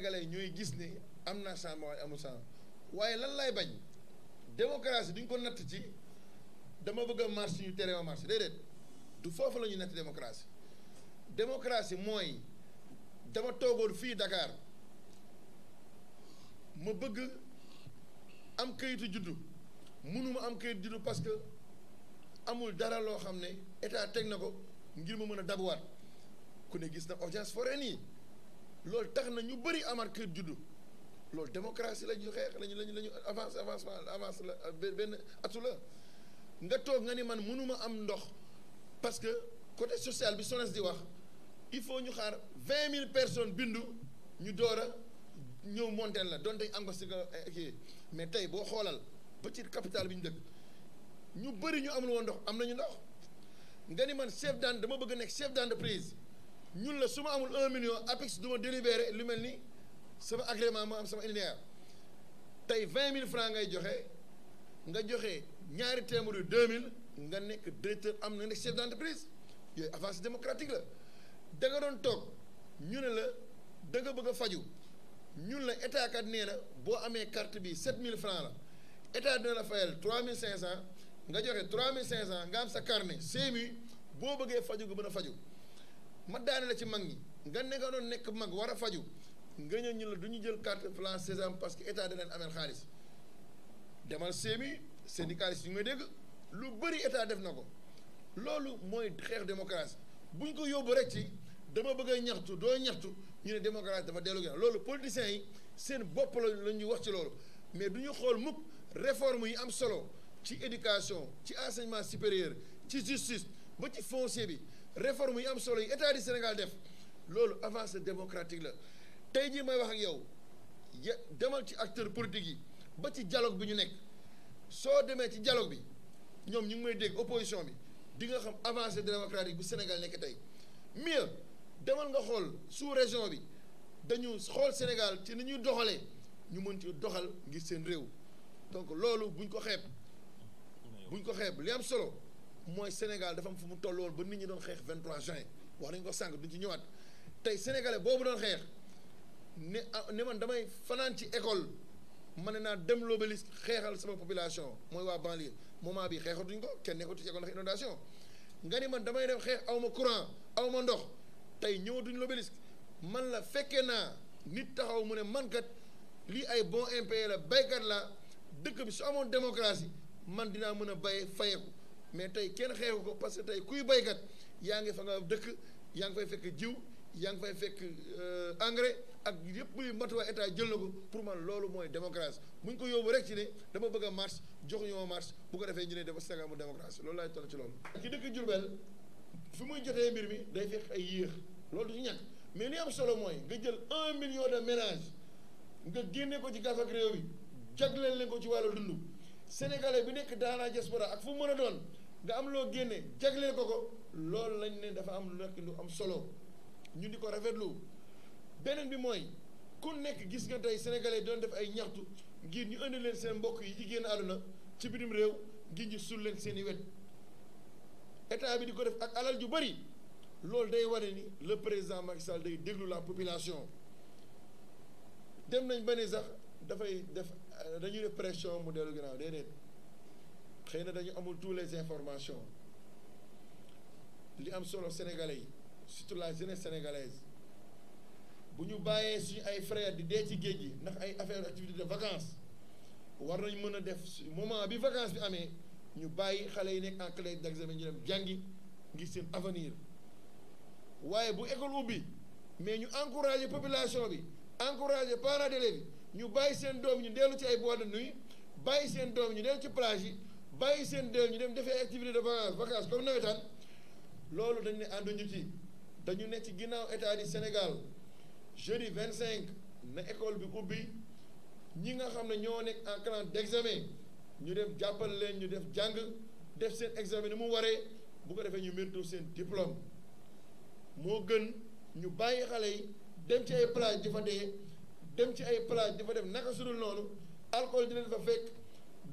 sénégalais ñooy gis ne am na changement amul changement waaye lan lay bañ démocratie duñ ko natt ci dama bëgg a marche ñu tere ma marche déedéet du foofu la ñuy natt démocratie démocratie mooy dama toogoon fii Dakar ma bëgg am kayitu juddu mënuma am kayitu juddu parce que amul dara loo xam ne état teg na ko ngir ma mën a dabuwaat ku ne gis na audience foraine yi loolu tax na ñu bëri amaat kër juddu loolu démocratie la ñu xeex lañu lañu la ñu avance avancement avance la benn atu la nga toog nga ni man mënuma am ndox parce que côté social bi sones di wax il faut ñu xaar vingt mille personnes bindu ñu door a ñëw montel la donte am ko si kii mais tey boo xoolal ba ci capital bi ñu dëkk ñu bëri ñu amul woon ndox am nañu ndox nga ni man chef d'entreprise dama bëgg nekk chef d'entreprise ñun la su ma amul un million APEX du ma délibéré lu mel ni sama agrément ma am sama indinéaire tey vingt mille francs ngay joxe nga joxe ñaari téeméer yu deux mille nga nekk directeur am na nekk chef d'entreprise yooyu avance démocratique la da nga doon toog ñu ne la da nga a faju ñun la état kat nee na boo amee carte bi sept mille francs la état dina la fayal trois mille cinq cent nga joxe trois mille cinq cent nga am sa carnet CMU boo bëggee faju nga mën a faju ma daane la ci mag ñi nga ne nga doon nekk mag war a faju nga ñëw ñu la du ñu jël carte plan Sésame parce que état da leen ameel xaalis demal seemi syndicaliste yu nga dégg lu bëri état def na ko loolu mooy xeex démocratie bu ñu ko yóbbu rek ci dama bëgg ñaxtu doo ñaxtu ñu ne démocratie dafa dellu ginnaaw loolu politiciens yi seen bopp la ñuy wax ci loolu mais du ñu xool mukk réforme yi am solo ci éducation ci enseignement supérieur ci justice ba ci foncier bi réforme yi am solo yi état di Sénégal def loolu avancée démocratique la tey jii may wax ak yow demal ci acteur politique yi ba ci dialogue bi ñu nekk soo demee ci dialogue bi ñoom ñu ngi may dégg opposition bi di nga xam avancée démocratique bu Sénégal nekk tey mieux demal nga xool sous région bi dañu xool Sénégal ci ni ñuy doxalee ñu mën ci doxal ngir seen réew donc loolu buñ ko xeeb buñ ko xeeb li am solo mooy Sénégal dafa fu mu toll woon ba nit ñi doon xeex 23 juin wax nañu ko sànq duñ ci ñëwaat tey sénégalais boobu doon xeex ne ah, ne man damay fanaan ci école ma ne naa dem l'obélisque xeexal sama population mooy waa banlieue moment bi xeexatuñ ko kenn nekkatu ci école ndax inondation nga ni man damay dem xeex aw ma courant aw ma ndox tey ñëwatuñ l'obélisque man la fekkee naa nit taxaw mu ne mankat lii ay bon impayé la baykat la dëkk bi su amoon démocratie man dinaa mën a bay fayeku mais tey kenn xeexu ko parce que tey kuy baykat yaa ngi fa nga dëkk yaa ngi fay fekk jiw yaa ngi fay fekk euh, engrais ak yëpp luy matuwaay état jël na ko pour man loolu mooy démocratie bu ko yóbbu rek ci ne dama bëgg a jox ñu ma marche bu ko defee ñu ne dafa Sénégal mu démocratie loolu laay toll ci loolu. ci dëkk Diourbel fi muy jotee mbir mi day fekk ay yéex loolu du ñàkk mais li am solo mooy nga jël un million de ménages nga génne ko ci gaf ak réew leen ko ci wàllu dund sénégalais bi nekk daanaa diaspora ak fu mu mën a doon. nga am loo génne jagleel ko ko loolu lañ ne dafa am nekk lu am solo ñu di ko rafetlu beneen bi mooy ku nekk gis nga tey sénégalais doon def ay ñaxtu ngir ñu indi leen seen mbokk yi ci génn àdduna ci bitim réew ngir ñu suul leen seen i wet état bi di ko def ak alal ju bëri loolu day wane ni le président Macky Sall day déglu la population dem nañ ba ne sax dafay def dañuy def pression mu dellu ginnaaw déedéet. xëy na dañu amul tous les informations li am solo sénégalais yi surtout la jeunesse sénégalaise bu ñu bàyyee suñu ay frères di dee ci géej gi ndax ay affaire activité de vacances war nañ mën a def moment bi vacances bi amee ñu bàyyi xale yi nekk en classe d'examen ñu dem jàngi ngir seen avenir waaye bu école ubbi mais ñu encourager population bi encourager parents d'élèves bi ñu bàyyi seen doom ñu dellu ci ay boîte de bàyyi seen doom ñu dellu ci plage yi bàyyi seen deel ñu dem defee activité de vacances vacances comme nawetaan loolu dañu ne ànduñu ci dañu ne ci ginnaaw état di Sénégal jeudi vingt cinq na école bi ubbi ñi nga xam ne ñoo nekk en clan d'examen ñu dem jàppal leen ñu def jàng def seen examen ni mu waree bu ko defee ñu mérito seen diplôme moo gën ñu bàyyi xale yi dem ci ay plage di fa dee dem ci ay plage di fa def naka sudul noonu alcool dinañ fa fekk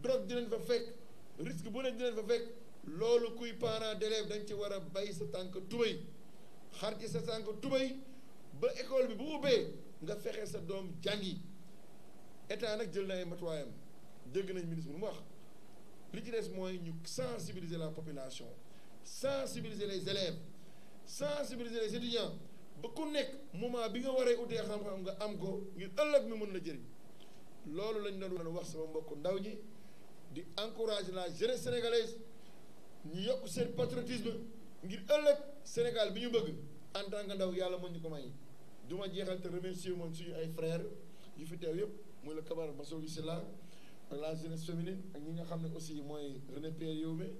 drogue dinañ fa fekk risque bu ne dinañ fa fekk loolu kuy parent d'élève dañ ci war a bay sa tànk tubéy xar ci sa tànk tubéy ba école bi bu ubbee nga fexe sa doom jàngi état nag jël na ay matuwaayam dégg nañ ministre mu wax li ci des mooy ñu sensibiliser la population sensibiliser les élèves sensibiliser les étudiants ba ku nekk moment bi nga waree utee xam-xam nga am ko ngir ëllëg mi mën la jëriñ loolu lañ doon wax sama mbokk ndaw ñi di encourager la jeunesse sénégalaise ñu yokk seen patriotisme ngir ëllëg Sénégal bi ñu bëgg en tant que ndaw yàlla mën ñu ko may du ma jeexal te remercier moom suñu ay frères yu fi teew yëpp muy la camarade Bassirou Guissé Sylla ak la jeunesse féminine ak ñi nga xam ne aussi mooy René yow Yobé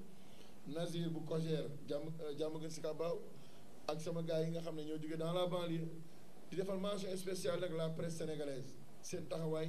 Nazir bu Cogère jàmm euh, jàmm gën si Kabaaw ak sama gars yi nga xam ne ñoo jógee dans la banlieue di defal mention spéciale nag la presse sénégalaise seen taxawaay.